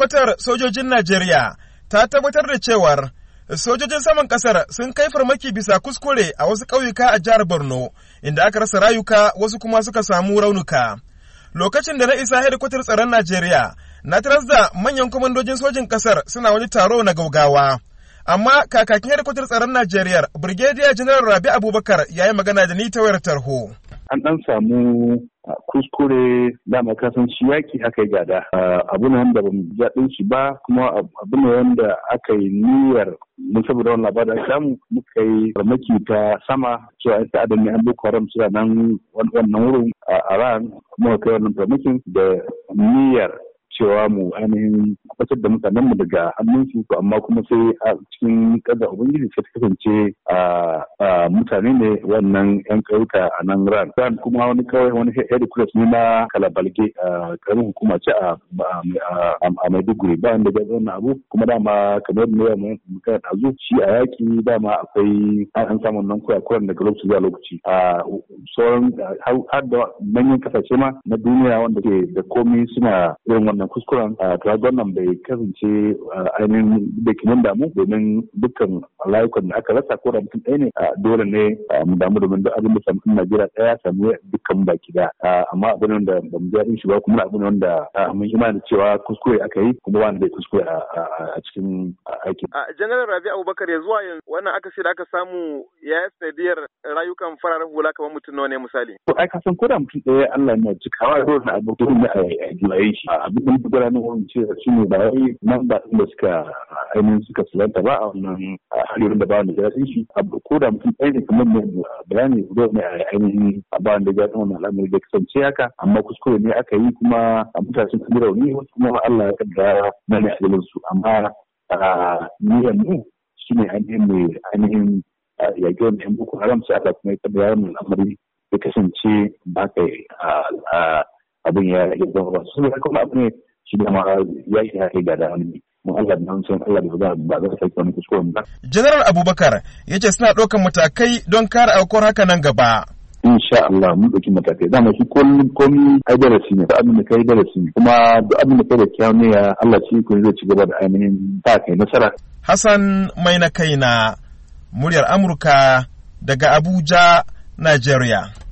Hedkwatar sojojin Najeriya ta tabbatar da cewar sojojin saman ƙasar sun kai farmaki bisa kuskure a wasu ƙauyuka a jihar Borno, inda aka rasa rayuka wasu kuma suka samu raunuka. Lokacin da na isa hedkwatar tsaron Najeriya, na taras da manyan kwamandojin sojin ƙasar suna wani taro na gaugawa. Amma kakakin hedkwatar tsaron Najeriya, Birgediya General Rabi Abubakar ya yi magana da ni ta wayar tarho. an ɗan samu ah, kuskure dama kasan shi yaki aka yi gada ah, abu ne wanda ba mu shi ba kuma abu ne wanda aka yi niyyar mun saboda wani labarin samu muka yi farmaki ta sama cewa ta adam ne an boko haram suna nan wannan wurin a ran kuma kai wannan farmakin da niyyar cewa mu ainihin kwatar da mutanen mu daga hannun su amma kuma sai a cikin ƙasa ubangiji sai ta kasance a ah, mutane ne wannan yan ƙauyuka a nan ran ran kuma wani kawai wani headquarters ne na kalabalge a karin hukuma ce a maiduguri ba inda ga wannan abu kuma dama kamar ne muka da zu shi a yaki, dama akwai an samu nan kuran daga lokaci zuwa lokaci a sauran har da manyan kasashe ma na duniya wanda ke da komi suna irin wannan kuskuren to wannan bai kasance ainihin da kimin damu domin dukkan layukan da aka rasa ko da mutum ɗaya ne dole dole ne mu damu da mun abin da samu Najeriya daya samu dukkan baki da amma abin da ba mu ji shi ba kuma abin wanda mun imani cewa kuskure aka yi kuma wanda bai kuskure a cikin aikin. General Rabi Abubakar ya zuwa yanzu wannan aka da aka samu ya yi rayukan fararen hula kamar mutum ne misali. To ai ka san ko da mutum ɗaya Allah ya ji kawai ko da abu dole ne a jiwaye shi abin da gudanar wani cewa shi ne ba wai nan ba da suka ainihin suka silanta ba a wannan harin da ba wanda ya tsin shi abu ko da mutum ɗaya ne kamar mai bayani zuwa ne a ainihin ba wanda ya tsin wannan al'amari da kasance haka amma kuskure ne aka yi kuma mutane sun rauni wasu kuma Allah ya kaddara na ne ajalin su amma niyan mu ne ainihin mai ainihin yaƙi wanda yan boko haram sai Allah kuma ya kaddara wannan al'amari ya kasance ba kai abin ya zama ba su ne kuma abu ne shi da ma ya yi ya kai ga da wani Allah da hancin Allah da ba za kai wani kuskuren ba. General Abubakar ya ce suna ɗaukar matakai don kare aukuwar haka nan gaba. insha Allah mun ɗauki matakai dama shi kullum komi ai darasi ne abin da kai darasi ne kuma duk abin da kai da kyau ne ya Allah shi kun zai ci gaba da ainihin ba kai nasara Hassan mai na kaina muryar Amurka daga Abuja Najeriya.